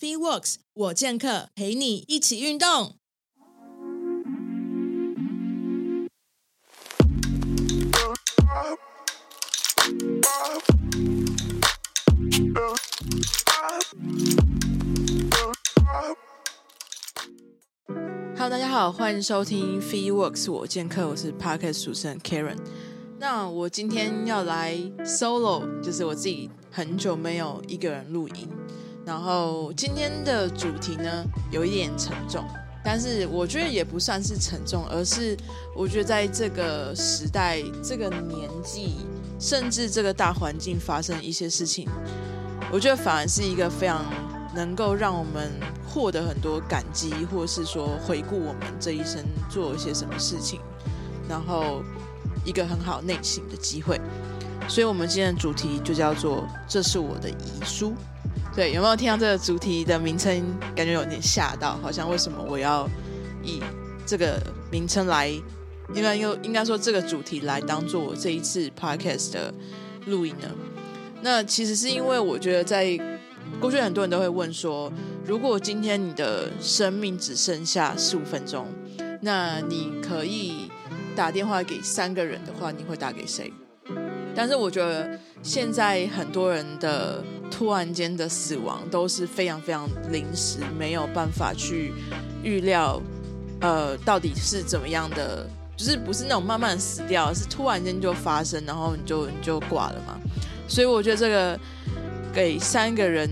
FitWorks，我健客陪你一起運動。Hello，大家好，歡迎收聽 FitWorks，我健客，我是 Parket 主持人 Karen。那我今天要來 Solo，就是我自己很久沒有一個人錄音。然後今天的主題呢，有一點沉重，但是我覺得也不算是沉重，而是我覺得在這個時代、這個年紀，甚至這個大環境發生一些事情，我覺得反而是一個非常能夠讓我們獲得很多感激，或是說回顧我們這一生做了些什麼事情，然後一個很好內省的機會。所以，我們今天的主題就叫做《這是我的遺書》。對，有沒有聽到這個主題的名稱？感覺有點嚇到，好像為什麼我要以這個名稱來，應該又應該說這個主題來當做我這一次 podcast 的錄音呢？那其實是因為我覺得，在過去很多人都會問說，如果今天你的生命只剩下十五分鐘，那你可以打電話給三個人的話，你會打給誰？但是我覺得現在很多人的。突然間的死亡都是非常非常臨時，沒有辦法去預料，呃，到底是怎麼樣的，就是不是那種慢慢死掉，是突然間就發生，然後你就你就掛了嘛。所以我覺得這個給三個人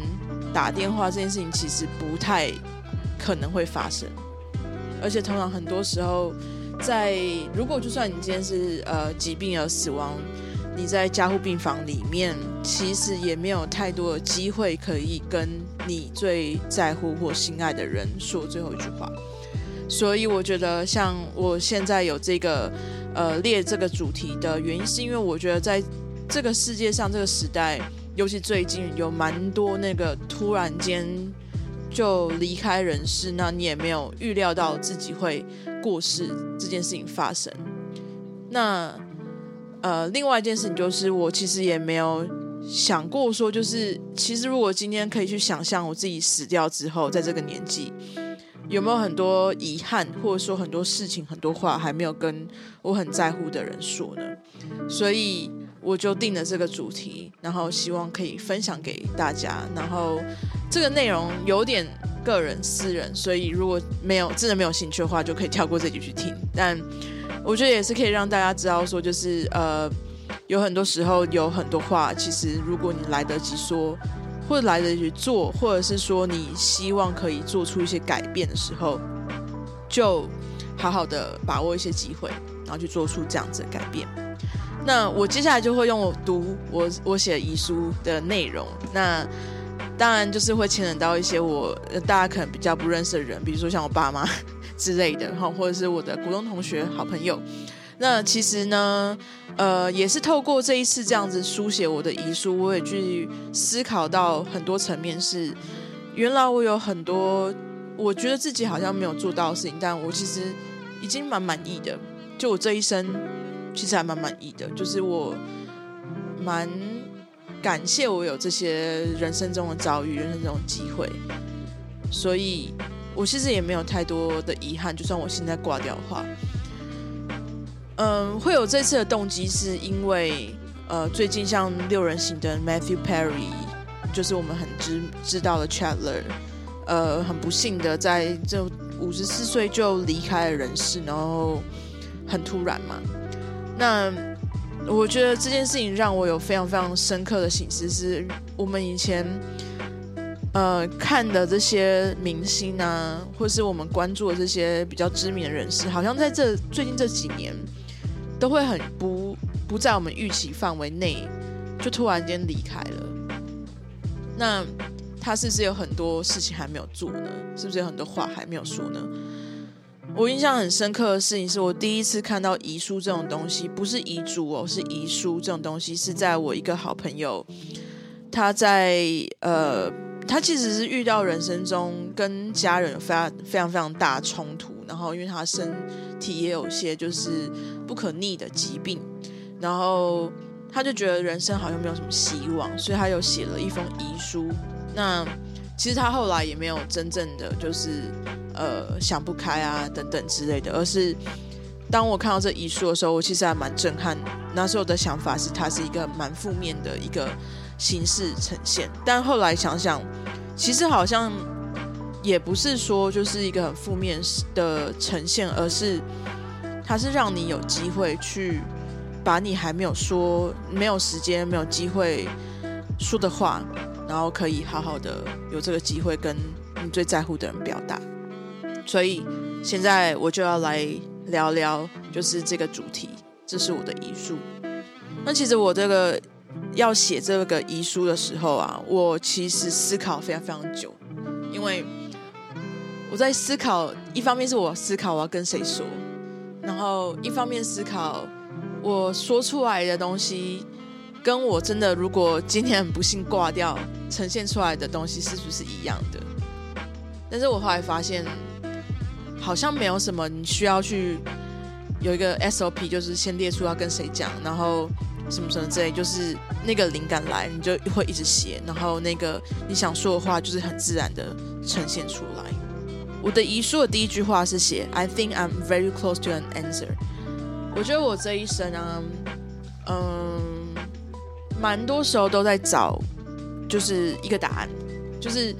打電話這件事情，其實不太可能會發生。而且通常很多時候在，在如果就算你今天是呃疾病而死亡。你在加護病房裡面，其實也沒有太多的機會可以跟你最在乎或心愛的人說最後一句話，所以我覺得，像我現在有這個呃列這個主題的原因，是因為我覺得在這個世界上這個時代，尤其最近有蠻多那個突然間就離開人世，那你也沒有預料到自己會過世這件事情發生，那。呃，另外一件事情就是，我其實也沒有想過說，就是其實如果今天可以去想象我自己死掉之後，在這個年紀有沒有很多遺憾，或者說很多事情、很多話還沒有跟我很在乎的人說呢？所以我就定了這個主題，然後希望可以分享給大家。然後這個內容有點個人私人，所以如果沒有真的沒有興趣的話，就可以跳過這集去聽。但我覺得也是可以讓大家知道，說就是呃，有很多時候有很多話，其實如果你來得及說，或者來得及做，或者是說你希望可以做出一些改變的時候，就好好的把握一些機會，然後去做出這樣子的改變。那我接下來就會用我讀我我寫遺書的內容，那當然就是會牽扯到一些我大家可能比較不認識的人，比如說像我爸媽。之類的哈，或者是我的股東、同學、好朋友。那其實呢，呃，也是透過這一次這樣子書寫我的遺書，我也去思考到很多層面是。是原來我有很多我覺得自己好像沒有做到的事情，但我其實已經蠻滿意的。就我這一生，其實還蠻滿意的。就是我蠻感謝我有這些人生中的遭遇、人生中的機會，所以。我其實也沒有太多的遺憾，就算我現在掛掉的話，嗯，會有這次的動機是因為，呃，最近像六人行的 Matthew Perry，就是我們很知知道的 Chandler，呃，很不幸的在這五十四歲就離開了人世，然後很突然嘛。那我覺得這件事情讓我有非常非常深刻的省思，是我們以前。呃，看的這些明星啊，或是我們關注的這些比較知名的人士，好像在這最近這幾年，都會很不不在我們預期範圍內，就突然間離開了。那他是不是有很多事情還沒有做呢？是不是有很多話還沒有說呢？我印象很深刻的事情是我第一次看到遺書這種東西，不是遺囑哦，是遺書這種東西，是在我一個好朋友，他在呃，他其實是遇到人生中跟家人有非常非常非常大的衝突，然後因為他身體也有些就是不可逆的疾病，然後他就覺得人生好像沒有什麼希望，所以他又寫了一封遺書。那其實他後來也沒有真正的就是呃想不開啊等等之類的，而是當我看到這遺書的時候，我其實還蠻震撼。那時候的想法是他是一個蠻負面的一個。形式呈現，但後來想想，其實好像也不是說就是一個很負面的呈現，而是它是讓你有機會去把你還沒有說、沒有時間、沒有機會說的話，然後可以好好的有這個機會跟你最在乎的人表達。所以現在我就要來聊聊，就是這個主題，這是我的遺書。那其實我這個。要寫這個遺書的時候啊，我其實思考非常非常久，因為我在思考，一方面是我思考我要跟誰說，然後一方面思考我說出來的東西，跟我真的如果今天很不幸掛掉，呈現出來的東西是不是一樣的。但是我後來發現，好像沒有什麼你需要去有一個 SOP，就是先列出要跟誰講，然後什麼什麼之類，就是。那個靈感來，你就會一直寫，然後那個你想說的話就是很自然的呈現出來。我的遺書的第一句話是寫：“I think I'm very close to an answer.” 我覺得我這一生啊，嗯，蠻多時候都在找就是一個答案，就是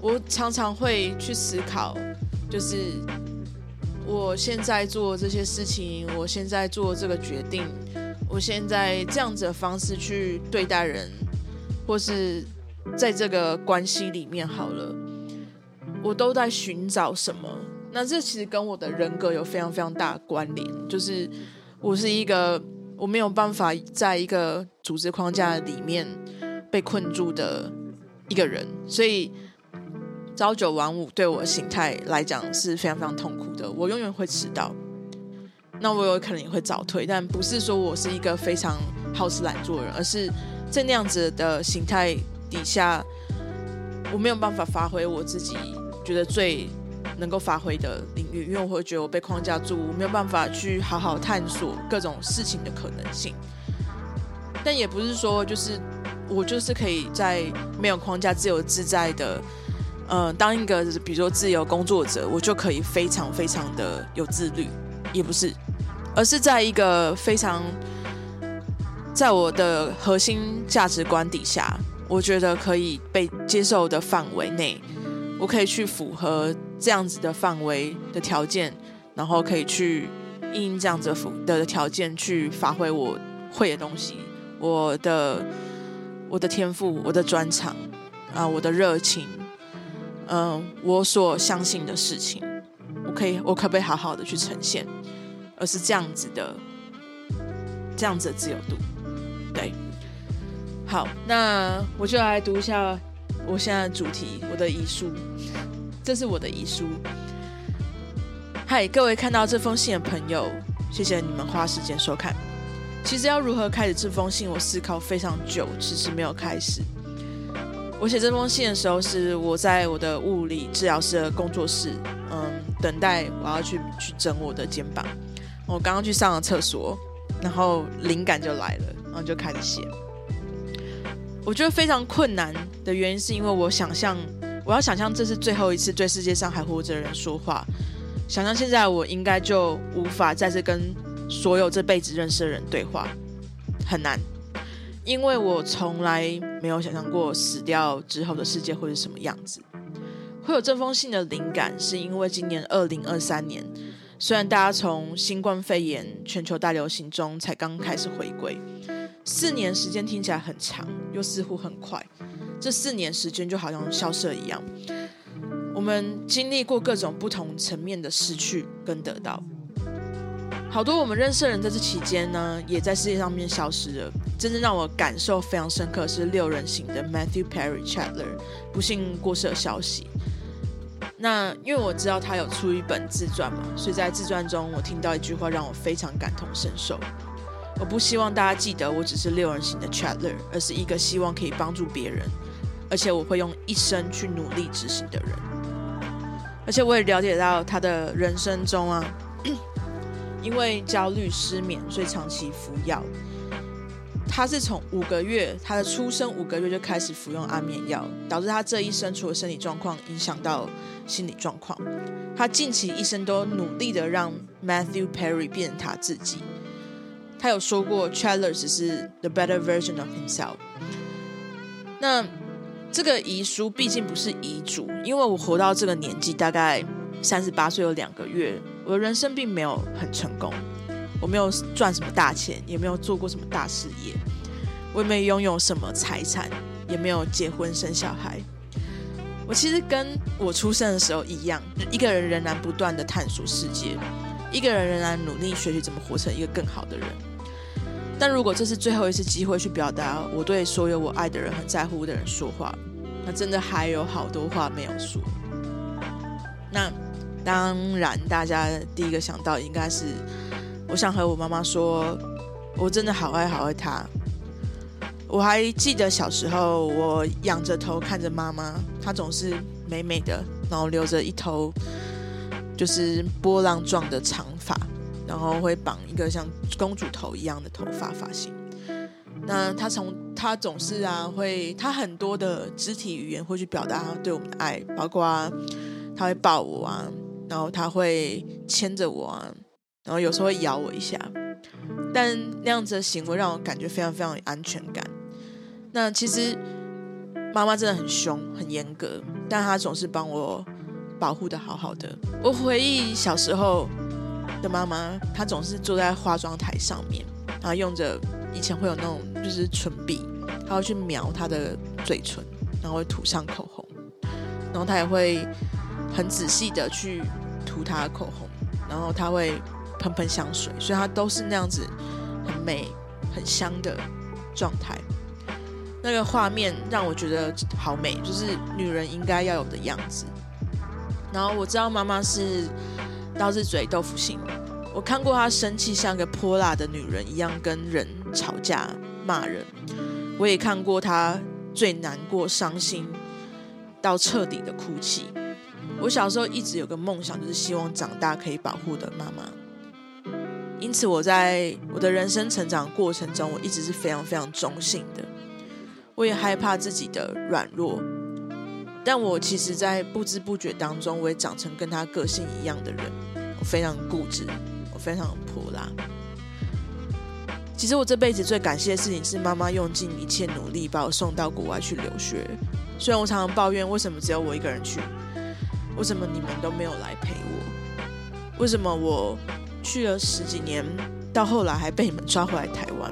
我常常會去思考，就是我現在做這些事情，我現在做這個決定。我現在這樣子的方式去對待人，或是在這個關係裡面好了，我都在尋找什麼？那這其實跟我的人格有非常非常大的關聯。就是我是一個我沒有辦法在一個組織框架裡面被困住的一個人，所以朝九晚五對我的心態來講是非常非常痛苦的。我永遠會遲到。那我有可能也會早退，但不是說我是一個非常好吃懶做的人，而是在那樣子的形態底下，我沒有辦法發揮我自己覺得最能夠發揮的領域，因為我會覺得我被框架住，我沒有辦法去好好探索各種事情的可能性。但也不是說就是我就是可以在沒有框架自由自在的，呃，當一個比如說自由工作者，我就可以非常非常的有自律。也不是，而是在一個非常在我的核心價值觀底下，我覺得可以被接受的範圍內，我可以去符合這樣子的範圍的條件，然後可以去因這樣子的符的條件去發揮我會的東西，我的我的天賦，我的專長啊，我的熱情，嗯，我所相信的事情。我可以，我可不可以好好的去呈現？而是這樣子的，這樣子的自由度，對。好，那我就來讀一下我現在的主題，我的遺書。這是我的遺書。嗨，各位看到這封信的朋友，謝謝你們花時間收看。其實要如何開始這封信，我思考非常久，遲遲沒有開始。我寫這封信的時候，是我在我的物理治療師的工作室，嗯，等待我要去去整我的肩膀。我剛剛去上了廁所，然後靈感就來了，然後就開始寫。我覺得非常困難的原因，是因為我想象我要想象這是最後一次對世界上還活着的人說話，想象現在我應該就無法再次跟所有這輩子認識的人對話，很難。因為我從來沒有想象過死掉之後的世界會是什麼樣子，會有這封信的靈感，是因為今年二零二三年，雖然大家從新冠肺炎全球大流行中才剛開始回歸，四年時間聽起來很長，又似乎很快，這四年時間就好像消失一樣，我們經歷過各種不同層面的失去跟得到。好多我們認識的人在這期間呢，也在世界上面消失了。真正讓我感受非常深刻是六人行的 Matthew Perry Chandler 不幸過世的消息。那因為我知道他有出一本自傳嘛，所以在自傳中我聽到一句話讓我非常感同身受。我不希望大家記得我只是六人行的 Chandler，而是一個希望可以幫助別人，而且我會用一生去努力執行的人。而且我也了解到他的人生中啊， 因為焦慮失眠，所以長期服藥。他是從五個月，他的出生五個月就開始服用安眠藥，導致他這一生除了身體狀況，影響到心理狀況。他近期一生都努力的讓 Matthew Perry 變成他自己。他有說過 Chandler 是 the better version of himself。那這個遺書畢竟不是遺囑，因為我活到這個年紀，大概三十八歲有兩個月。我的人生並沒有很成功，我沒有賺什麼大錢，也沒有做過什麼大事業，我也沒擁有什麼財產，也沒有結婚生小孩。我其實跟我出生的時候一樣，一個人仍然不斷的探索世界，一個人仍然努力學習怎麼活成一個更好的人。但如果這是最後一次機會去表達我對所有我愛的人、很在乎的人說話，那真的還有好多話沒有說。那。當然，大家第一個想到應該是，我想和我媽媽說，我真的好愛好愛她。我還記得小時候，我仰着頭看着媽媽，她總是美美的，然後留着一頭就是波浪狀的長髮，然後會綁一個像公主頭一樣的頭髮髮型。那她從她總是啊，會她很多的肢體語言會去表達她對我們的愛，包括啊，她會抱我啊。然後他會牽着我啊，然後有時候會咬我一下，但那樣子的行為讓我感覺非常非常有安全感。那其實媽媽真的很凶、很嚴格，但她總是幫我保護得好好的。我回憶小時候的媽媽，她總是坐在化妝台上面，然後用着以前會有那種就是唇筆，她會去描她的嘴唇，然後會塗上口紅，然後她也會很仔細的去。塗她的口紅，然後她會噴噴香水，所以她都是那樣子很美很香的狀態。那個畫面讓我覺得好美，就是女人應該要有的樣子。然後我知道媽媽是刀子嘴豆腐心，我看過她生氣像個潑辣的女人一樣跟人吵架罵人，我也看過她最難過傷心到徹底的哭泣。我小時候一直有個夢想，就是希望長大可以保護的媽媽。因此，我在我的人生成長過程中，我一直是非常非常中性的。我也害怕自己的軟弱，但我其實，在不知不覺當中，我也長成跟他個性一樣的人。我非常固執，我非常潑辣。其實，我這輩子最感謝的事情是媽媽用盡一切努力把我送到國外去留學。雖然我常常抱怨為什麼只有我一個人去。為什麼你們都沒有來陪我？為什麼我去了十幾年，到後來還被你們抓回來台灣？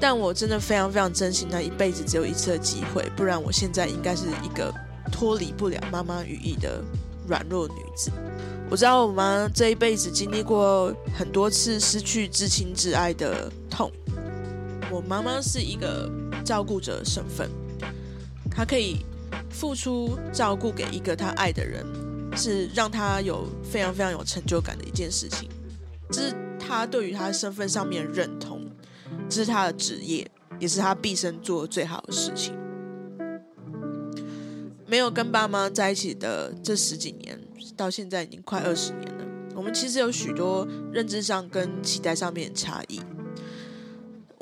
但我真的非常非常珍惜那一輩子只有一次的機會，不然我現在應該是一個脫離不了媽媽羽翼的軟弱女子。我知道我媽這一輩子經歷過很多次失去至親至愛的痛。我媽媽是一個照顧者身份，她可以。付出照顧給一個他愛的人，是讓他有非常非常有成就感的一件事情。這是他對於他身份上面認同，這是他的職業，也是他畢生做最好的事情。沒有跟爸媽在一起的這十幾年，到現在已經快二十年了。我們其實有許多認知上跟期待上面的差異。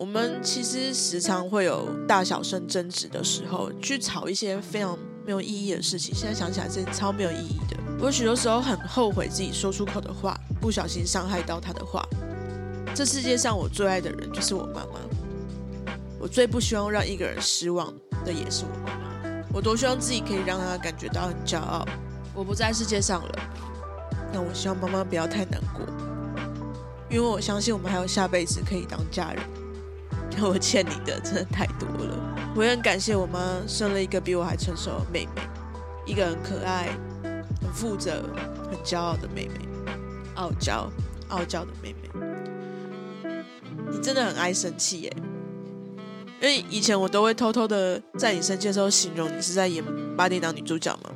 我們其實時常會有大小聲爭執的時候，去吵一些非常沒有意義的事情。現在想起來真的超沒有意義的。我許多時候很後悔自己說出口的話，不小心傷害到他的話。這世界上我最愛的人就是我媽媽，我最不希望讓一個人失望的也是我媽媽。我多希望自己可以讓她感覺到很驕傲。我不在世界上了，但我希望媽媽不要太難過，因為我相信我們還有下輩子可以當家人。我欠你的真的太多了，我也很感謝我媽生了一個比我還成熟的妹妹，一個很可愛、很負責、很驕傲的妹妹，傲嬌、傲嬌的妹妹。你真的很愛生氣耶、欸，因為以前我都會偷偷的在你生氣的時候形容你是在演八點檔女主角嗎？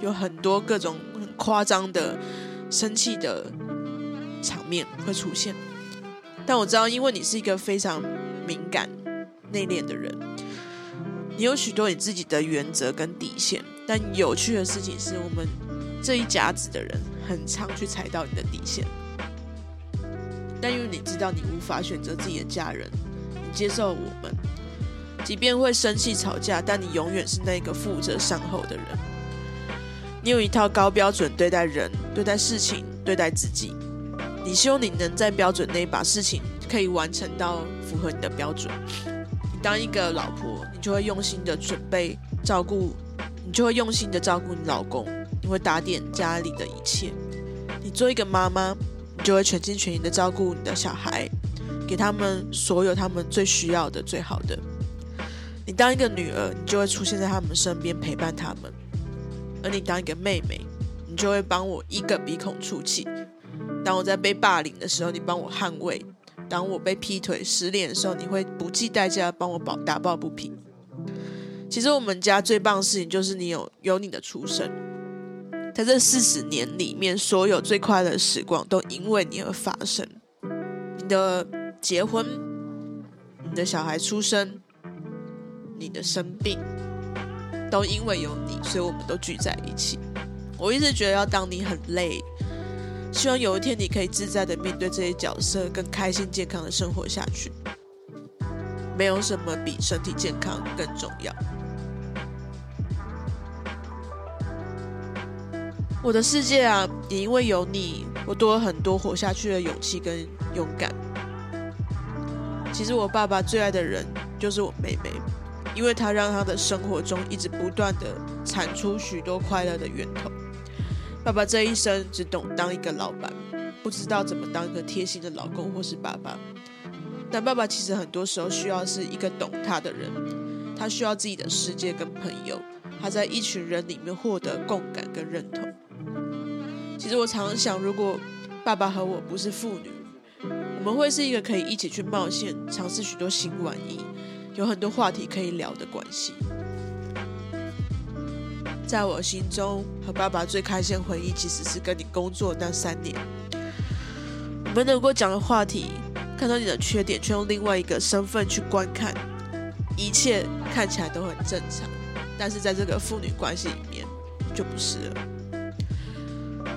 有很多各種很誇張的生氣的場面會出現。但我知道，因為你是一個非常敏感、內斂的人，你有許多你自己的原則跟底線。但有趣的事情是，我們這一家子的人，很常去踩到你的底線。但因為你知道，你無法選擇自己的家人，你接受了我們，即便會生氣吵架，但你永遠是那個負責善後的人。你有一套高標準對待人、對待事情、對待自己。你希望你能在標準內把事情可以完成到符合你的標準。你當一個老婆，你就會用心的準備照顧，你就會用心的照顧你老公，你會打點家裡的一切。你做一個媽媽，你就會全心全意的照顧你的小孩，給他們所有他們最需要的最好的。你當一個女兒，你就會出現在他們身邊陪伴他們。而你當一個妹妹，你就會幫我一個鼻孔出氣。當我在被霸凌的時候，你幫我捍衛；當我被劈腿、失戀的時候，你會不計代價幫我保打抱不平。其實我們家最棒的事情就是你有有你的出生，在這四十年裡面，所有最快樂的時光都因為你而發生。你的結婚、你的小孩出生、你的生病，都因為有你，所以我們都聚在一起。我一直覺得，要當你很累。希望有一天你可以自在的面對這些角色，更開心、健康的生活下去。沒有什麼比身體健康更重要。我的世界啊，也因為有你，我多了很多活下去的勇氣跟勇敢。其實我爸爸最愛的人就是我妹妹，因為她讓她的生活中一直不斷的產出許多快樂的源頭。爸爸這一生只懂當一個老闆，不知道怎麼當一個貼心的老公或是爸爸。但爸爸其實很多時候需要是一個懂他的人，他需要自己的世界跟朋友，他在一群人裡面獲得共感跟認同。其實我常想，如果爸爸和我不是父女，我們會是一個可以一起去冒險、嘗試許多新玩意、有很多話題可以聊的關係。在我心中和爸爸最開心的回憶，其實是跟你工作那三年。我們能夠講的話題，看到你的缺點，卻用另外一個身份去觀看，一切看起來都很正常。但是在這個父女關係裡面，就不是了。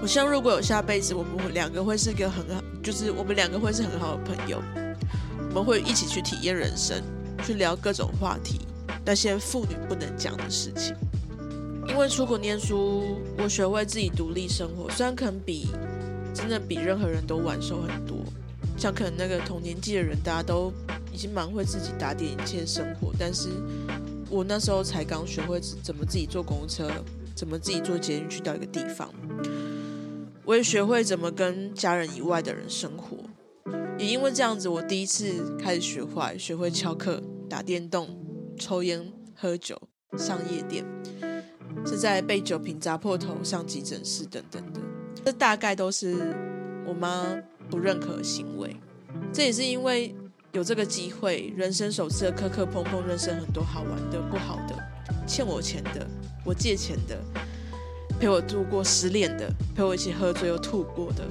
我想如果有下輩子，我們兩個會是一個很好，就是我們兩個會是很好的朋友。我們會一起去體驗人生，去聊各種話題，那些父女不能講的事情。因為出國念書，我學會自己獨立生活。雖然可能比真的比任何人都晚熟很多，像可能那個同年紀的人，大家都已經蠻會自己打點一切生活，但是我那時候才剛學會怎麼自己坐公車，怎麼自己坐捷運去到一個地方。我也學會怎麼跟家人以外的人生活。也因為這樣子，我第一次開始學壞，學會翹課、打電動、抽煙、喝酒、上夜店。是在被酒瓶砸破頭、上急診室等等的，這大概都是我媽不認可的行為。這也是因為有這個機會，人生首次的磕磕碰碰，認識很多好玩的、不好的，欠我錢的，我借錢的，陪我度過失戀的，陪我一起喝醉又吐過的，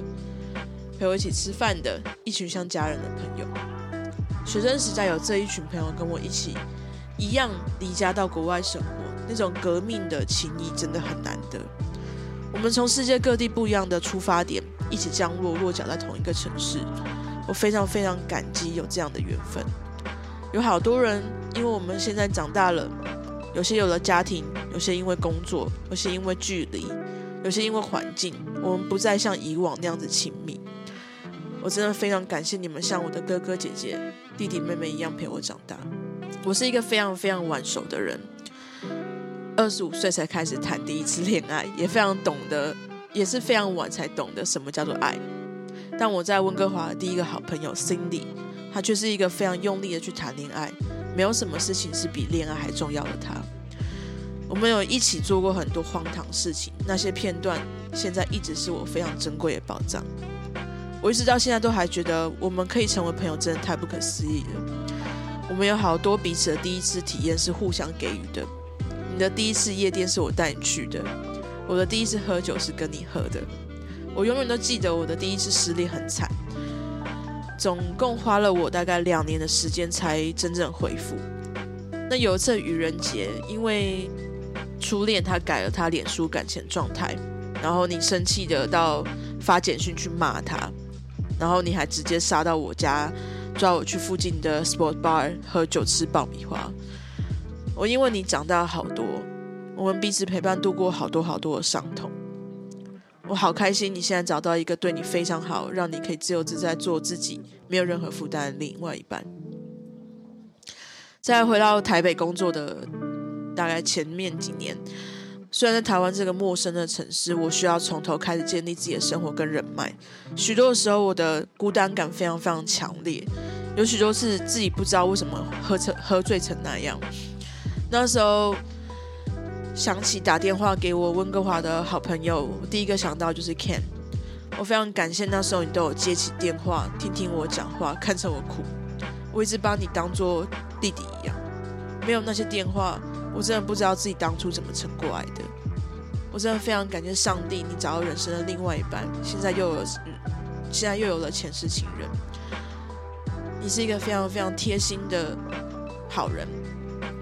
陪我一起吃飯的一群像家人的朋友。學生時代有這一群朋友跟我一起，一樣離家到國外生活。那種革命的情誼真的很難得。我們從世界各地不一樣的出發點，一起降落落腳在同一個城市，我非常非常感激有這樣的緣分。有好多人，因為我們現在長大了，有些有了家庭，有些因為工作，有些因為距離，有些因為環境，我們不再像以往那樣子親密。我真的非常感謝你們，像我的哥哥姐姐、弟弟妹妹一樣陪我長大。我是一個非常非常晚熟的人。二十五歲才開始談第一次戀愛，也非常懂得，也是非常晚才懂得什麼叫做愛。但我在溫哥華的第一個好朋友 Cindy，她卻是一個非常用力的去談戀愛，沒有什麼事情是比戀愛還重要的。她，我們有一起做過很多荒唐事情，那些片段現在一直是我非常珍貴的寶藏。我一直到現在都還覺得，我們可以成為朋友，真的太不可思議了。我們有好多彼此的第一次體驗是互相給予的。你的第一次夜店是我帶你去的，我的第一次喝酒是跟你喝的，我永遠都記得我的第一次失戀很慘，總共花了我大概兩年的時間才真正恢復。那有一次愚人節，因為初戀他改了他臉書感情狀態，然後你生氣的到發簡訊去罵他，然後你還直接殺到我家，抓我去附近的 sport bar 喝酒吃爆米花。我因為你長大好多，我們彼此陪伴度過好多好多的傷痛。我好開心，你現在找到一個對你非常好，讓你可以自由自在做自己，沒有任何負擔的另外一半。再回到台北工作的大概前面幾年，雖然在台灣這個陌生的城市，我需要從頭開始建立自己的生活跟人脈，許多的時候，我的孤單感非常非常強烈，有許多次自己不知道為什麼喝成喝醉成那樣。那時候想起打電話給我溫哥華的好朋友，我第一個想到就是 Ken。我非常感謝那時候你都有接起電話，聽聽我講話，看着我哭。我一直把你當做弟弟一樣，沒有那些電話，我真的不知道自己當初怎麼撐過來的。我真的非常感謝上帝，你找到人生的另外一半，現在又有，嗯，現在又有了前世情人。你是一個非常非常貼心的好人。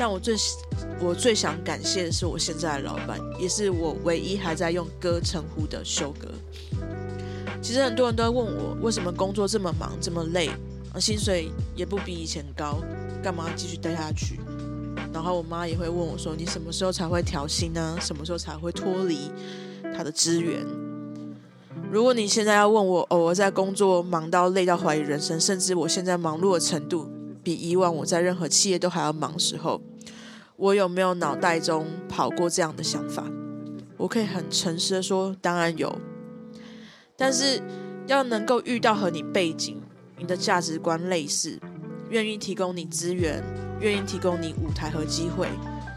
但我最我最想感謝的是我現在的老板，也是我唯一還在用哥稱呼的修哥。其實很多人都問我，為什麼工作這麼忙這麼累，而、啊、薪水也不比以前高，幹嘛繼續待下去？然後我媽也會問我說，說你什麼時候才會調薪呢？什麼時候才會脫離他的資源？如果你現在要問我，偶爾在工作忙到累到懷疑人生，甚至我現在忙碌的程度比以往我在任何企業都還要忙的時候，我有沒有腦袋中跑過這樣的想法？我可以很誠實的說，當然有。但是要能夠遇到和你背景、你的價值觀類似，願意提供你資源、願意提供你舞台和機會，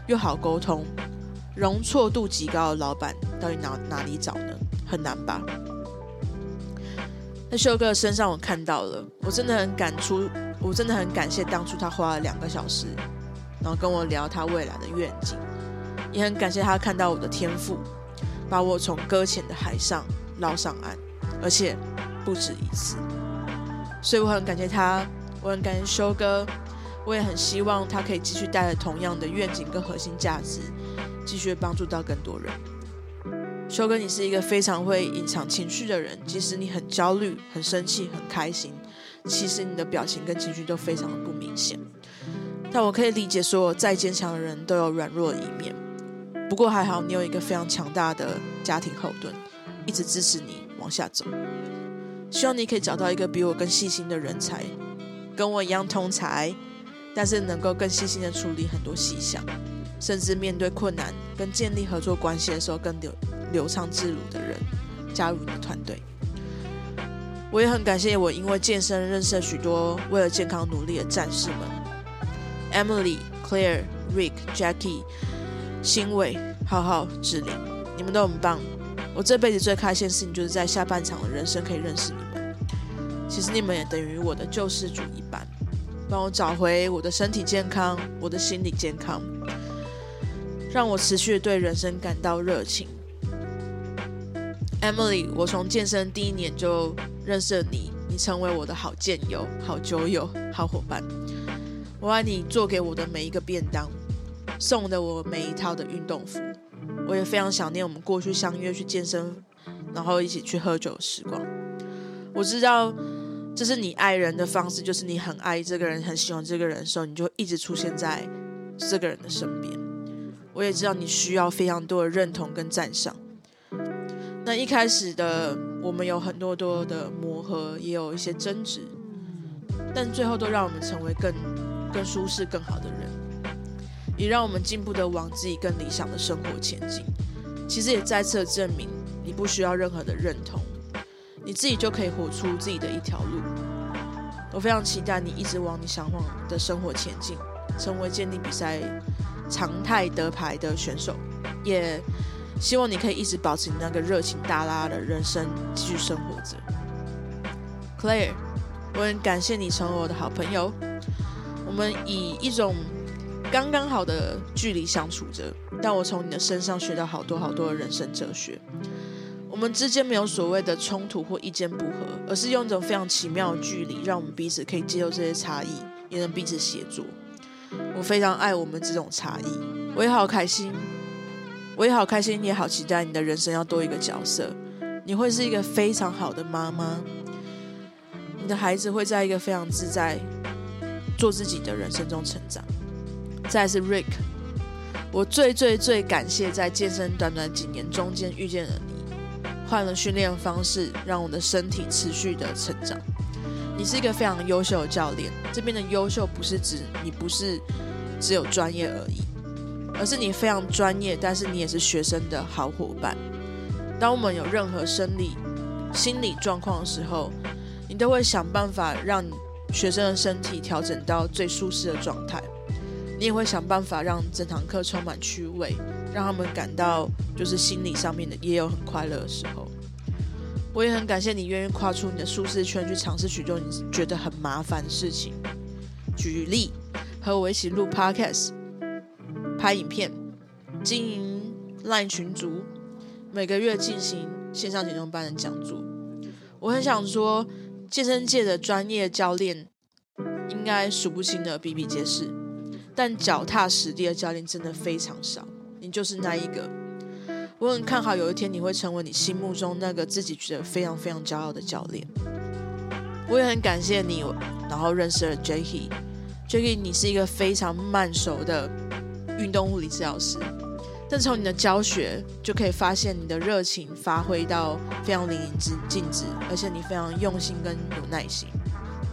又好溝通、容錯度極高的老闆，到底哪哪裡找呢？很難吧？在秀哥身上我看到了，我真的很感觸，我真的很感謝當初他花了兩個小時。然後跟我聊他未來的願景，也很感謝他看到我的天賦，把我從擱淺的海上撈上岸，而且不止一次。所以我很感謝他，我很感謝修哥，我也很希望他可以繼續帶着同樣的願景跟核心價值，繼續幫助到更多人。修哥，你是一個非常會隱藏情緒的人，即使你很焦慮、很生氣、很開心，其實你的表情跟情緒都非常的不明顯。但我可以理解說，說再堅強的人都有軟弱的一面。不過還好，你有一個非常強大的家庭後盾，一直支持你往下走。希望你可以找到一個比我更細心的人才，跟我一樣通才，但是能夠更細心的處理很多細項，甚至面對困難跟建立合作關係的時候更流流暢自如的人，加入你的團隊。我也很感謝我因為健身認識了許多為了健康努力的戰士們。Emily、Claire、Rick、Jackie、欣偉、浩浩、志玲，你們都很棒。我這輩子最開心的事情，就是在下半場的人生可以認識你們。其實你們也等於我的救世主一般，幫我找回我的身體健康、我的心理健康，讓我持續對人生感到熱情。Emily，我從健身第一年就認識了你，你成為我的好健友、好酒友、好夥伴。我愛你做給我的每一個便當，送的我每一套的運動服，我也非常想念我們過去相約去健身，然後一起去喝酒的時光。我知道這是你愛人的方式，就是你很愛這個人，很喜歡這個人的時候，你就一直出現在這個人的身邊。我也知道你需要非常多的認同跟讚賞。那一開始的我們有很多多的磨合，也有一些爭執，但最後都讓我們成為更更舒適、更好的人，也讓我們進步的往自己更理想的生活前進。其實也再次證明，你不需要任何的認同，你自己就可以活出自己的一條路。我非常期待你一直往你想往的生活前進，成為健力比賽常態得牌的選手。也希望你可以一直保持你那個熱情大拉的人生，繼續生活着。Claire，我很感謝你成為我的好朋友。我們以一種剛剛好的距離相處着，但我從你的身上學到好多好多的人生哲學。我們之間沒有所謂的衝突或意見不合，而是用一種非常奇妙的距離，讓我們彼此可以接受這些差異，也能彼此協作。我非常愛我們這種差異，我也好開心，我也好開心，你也好期待你的人生要多一個角色。你會是一個非常好的媽媽，你的孩子會在一個非常自在，做自己的人生中成長。再是 Rick，我最最最感謝在健身短短幾年中間遇見了你，換了訓練方式，讓我的身體持續的成長。你是一個非常優秀的教練，這邊的優秀不是指你不是你只有專業而已，而是你非常專業，但是你也是學生的好夥伴。當我們有任何生理、心理狀況的時候，你都會想辦法讓你。學生的身體調整到最舒適的狀態，你也會想辦法讓整堂課充滿趣味，讓他們感到就是心理上面的也有很快樂的時候。我也很感謝你願意跨出你的舒適圈去嘗試許多你覺得很麻煩的事情。舉例和我一起錄 Podcast、拍影片、經營 Line 群組，每個月進行線上集中班的講座。我很想說，健身界的專業教練應該數不清的比比皆是，但腳踏實地的教練真的非常少，你就是那一個。我很看好有一天你會成為你心目中那個自己覺得非常非常驕傲的教練。我也很感謝你，然後認識了 Jackie。Jackie，你是一個非常慢熟的運動物理治療師。但從你的教學就可以發現，你的熱情發揮到非常淋漓之盡致，而且你非常用心跟有耐心。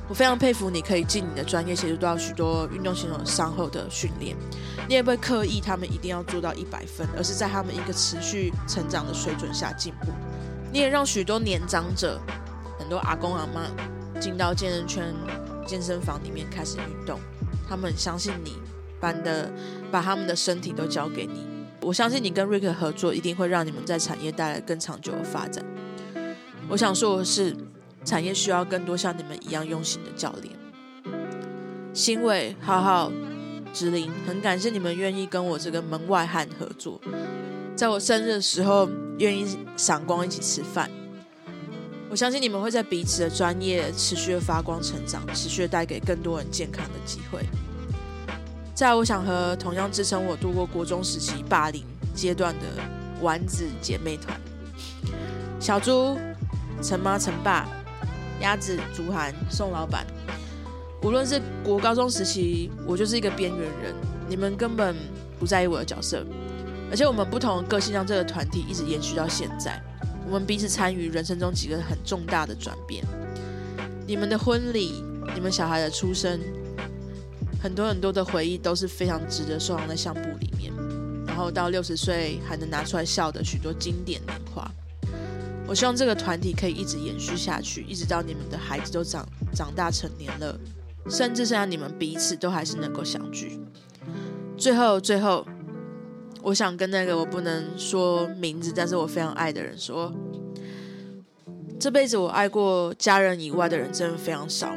我非常佩服你可以進你的專業，協助到許多運動選手傷後的訓練。你也不會刻意他們一定要做到一百分，而是在他們一個持續成長的水準下進步。你也讓許多年長者，很多阿公阿媽進到健身圈、健身房裡面開始運動，他們很相信你，般的把他們的身體都交給你。我相信你跟瑞克合作一定會讓你們在產業帶來更長久的發展。我想說的是，產業需要更多像你們一樣用心的教練。欣慰、浩浩、芷玲，很感謝你們願意跟我這個門外漢合作，在我生日的時候願意賞光一起吃飯。我相信你們會在彼此的專業持續的發光成長，持續的帶給更多人健康的機會。在，我想和同樣支撐我度過國中時期霸凌階段的丸子姐妹團，小豬、陳媽、陳爸、鴨子、祖涵、宋老闆。無論是國高中時期，我就是一個邊緣人，你們根本不在意我的角色。而且我們不同的個性讓這個團體一直延續到現在，我們彼此參與人生中幾個很重大的轉變，你們的婚禮，你們小孩的出生。很多很多的回憶都是非常值得收藏在相簿裡面，然後到六十歲還能拿出來笑的許多經典的話。我希望這個團體可以一直延續下去，一直到你們的孩子都長長大成年了，甚至剩下你們彼此都還是能夠相聚。最後，最後，我想跟那個我不能說名字，但是我非常愛的人說，這輩子我愛過家人以外的人真的非常少，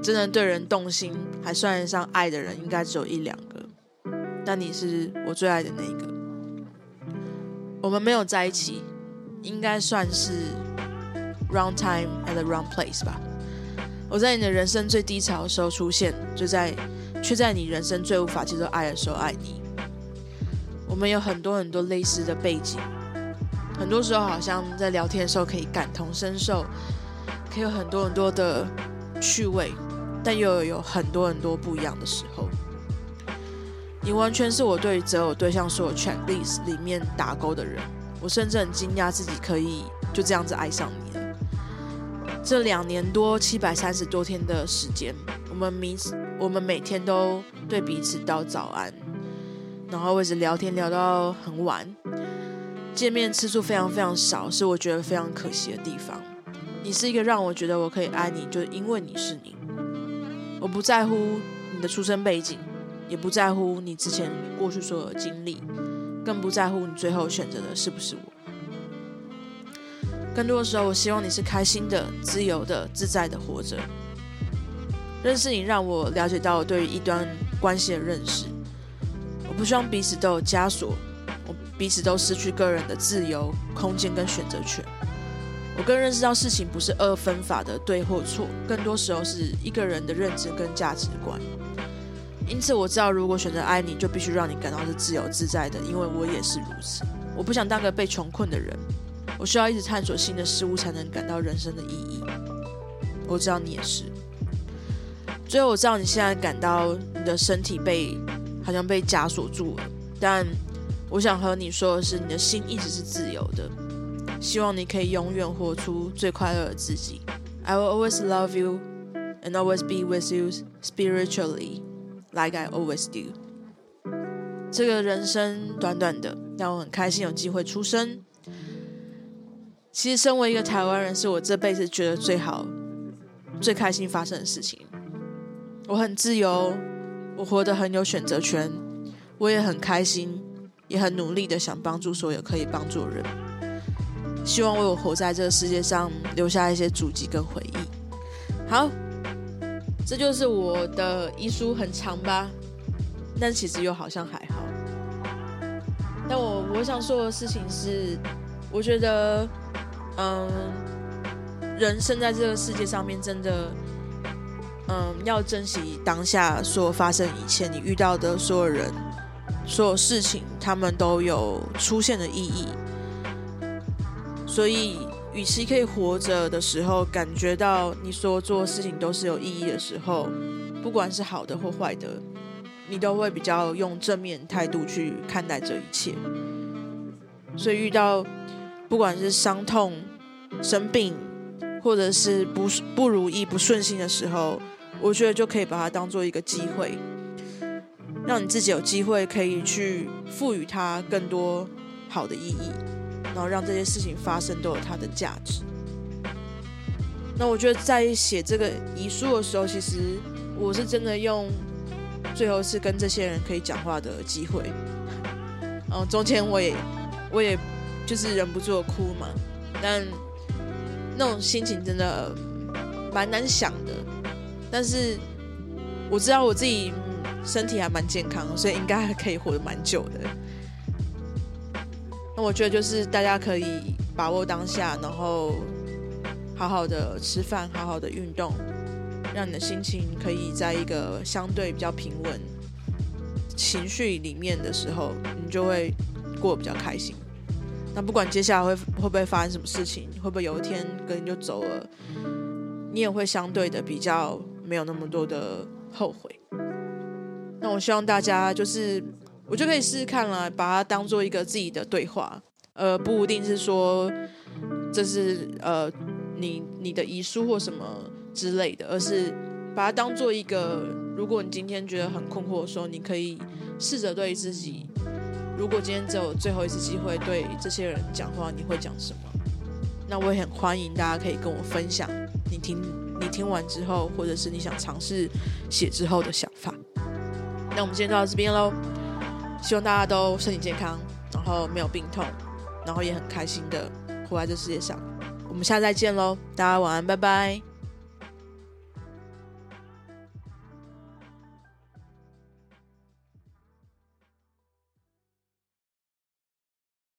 真的對人動心。還算得上愛的人，應該只有一兩個。但你是我最愛的那一個。我們沒有在一起，應該算是 wrong time at the wrong place 吧。我在你的人生最低潮的時候出現，就在卻在你人生最無法接受愛的時候愛你。我們有很多很多類似的背景，很多時候好像在聊天的時候可以感同身受，可以有很多很多的趣味。但又有，有很多很多不一樣的時候，你完全是我對擇偶對象所有 checklist 裡面打勾的人。我甚至很驚訝自己可以就這樣子愛上你了。這兩年多七百三十多天的時間，我們每我們每天都對彼此道早安，然後一直聊天聊到很晚。見面次數非常非常少，是我覺得非常可惜的地方。你是一個讓我覺得我可以愛你，就是因為你是你。我不在乎你的出生背景，也不在乎你之前你過去所有的經歷，更不在乎你最後選擇的是不是我。更多的時候，我希望你是開心的、自由的、自在的活着。認識你讓我了解到我對於一段關係的認識。我不希望彼此都有枷鎖，我彼此都失去個人的自由空間跟選擇權。我更認識到事情不是二分法的對或錯，更多時候是一個人的認知跟價值觀。因此我知道，如果選擇愛你，就必須讓你感到是自由自在的，因為我也是如此。我不想當個被窮困的人，我需要一直探索新的事物，才能感到人生的意義。我知道你也是。最後我知道你現在感到你的身體被好像被枷鎖住了，但我想和你說的是，你的心一直是自由的。希望你可以永遠活出最快樂的自己。I will always love you and always be with you spiritually, like I always do。這個人生短短的，讓我很開心有機會出生。其實，身為一個台灣人，是我這輩子覺得最好、最開心發生的事情。我很自由，我活得很有選擇權，我也很開心，也很努力的想幫助所有可以幫助的人。希望為我有活在這個世界上留下一些足跡跟回憶。好，這就是我的遺書，很長吧？但其實又好像還好。但我我想說的事情是，我覺得，嗯，人生在這個世界上面，真的，嗯，要珍惜當下所發生一切，你遇到的所有人、所有事情，他們都有出現的意義。所以，與其可以活着的時候感覺到你所做事情都是有意義的時候，不管是好的或壞的，你都會比較用正面態度去看待這一切。所以，遇到不管是傷痛、生病，或者是不不如意、不順心的時候，我覺得就可以把它當做一個機會，讓你自己有機會可以去賦予它更多好的意義。然後讓這些事情發生都有它的價值。那我覺得在寫這個遺書的時候，其實我是真的用最後是跟這些人可以講話的機會。嗯，中間我也我也就是忍不住的哭嘛，但那種心情真的蠻難想的。但是我知道我自己身體還蠻健康，所以應該還可以活得蠻久的。那我覺得就是大家可以把握當下，然後好好的吃飯，好好的運動，讓你的心情可以在一個相對比較平穩情緒裡面的時候，你就會過得比較開心。那不管接下來會會不會發生什麼事情，會不會有一天跟人就走了，你也會相對的比較沒有那麼多的後悔。那我希望大家就是。我就可以試試看了，把它當做一個自己的對話，呃，不一定是說這是呃你你的遺書或什麼之類的，而是把它當做一個，如果你今天覺得很困惑的時候，你可以試着對自己，如果今天只有最後一次機會對這些人講話，你會講什麼？那我也很歡迎大家可以跟我分享，你聽你聽完之後，或者是你想嘗試寫之後的想法。那我們今天就到這邊嘍。希望大家都身體健康，然後沒有病痛，然後也很開心的活在這世界上。我們下次再見嘍，大家晚安，拜拜。